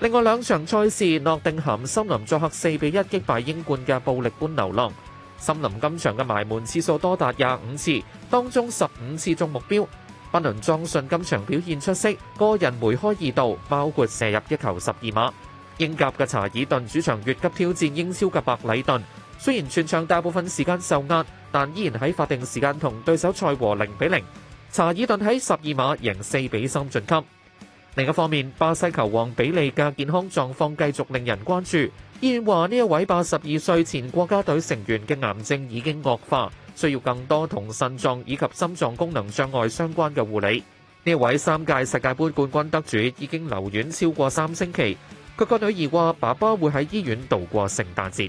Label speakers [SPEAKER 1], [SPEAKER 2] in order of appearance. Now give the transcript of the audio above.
[SPEAKER 1] 另外兩場賽事，諾定咸森林作客四比一擊敗英冠嘅布力般流浪，森林今場嘅埋門次數多達廿五次，當中十五次中目標。賓倫莊遜今場表現出色，個人梅開二度，包括射入一球十二碼。英甲嘅查爾頓主場越級挑戰英超嘅白禮頓，雖然全場大部分時間受壓，但依然喺法定時間同對手賽和零比零。查爾頓喺十二碼贏四比三晉級。另一方面，巴西球王比利嘅健康狀況繼續令人關注。醫院話呢一位八十二歲前國家隊成員嘅癌症已經惡化，需要更多同腎臟以及心臟功能障礙相關嘅護理。呢一位三屆世界盃冠軍得主已經留院超過三星期。佢個女兒話：爸爸會喺醫院度過聖誕節。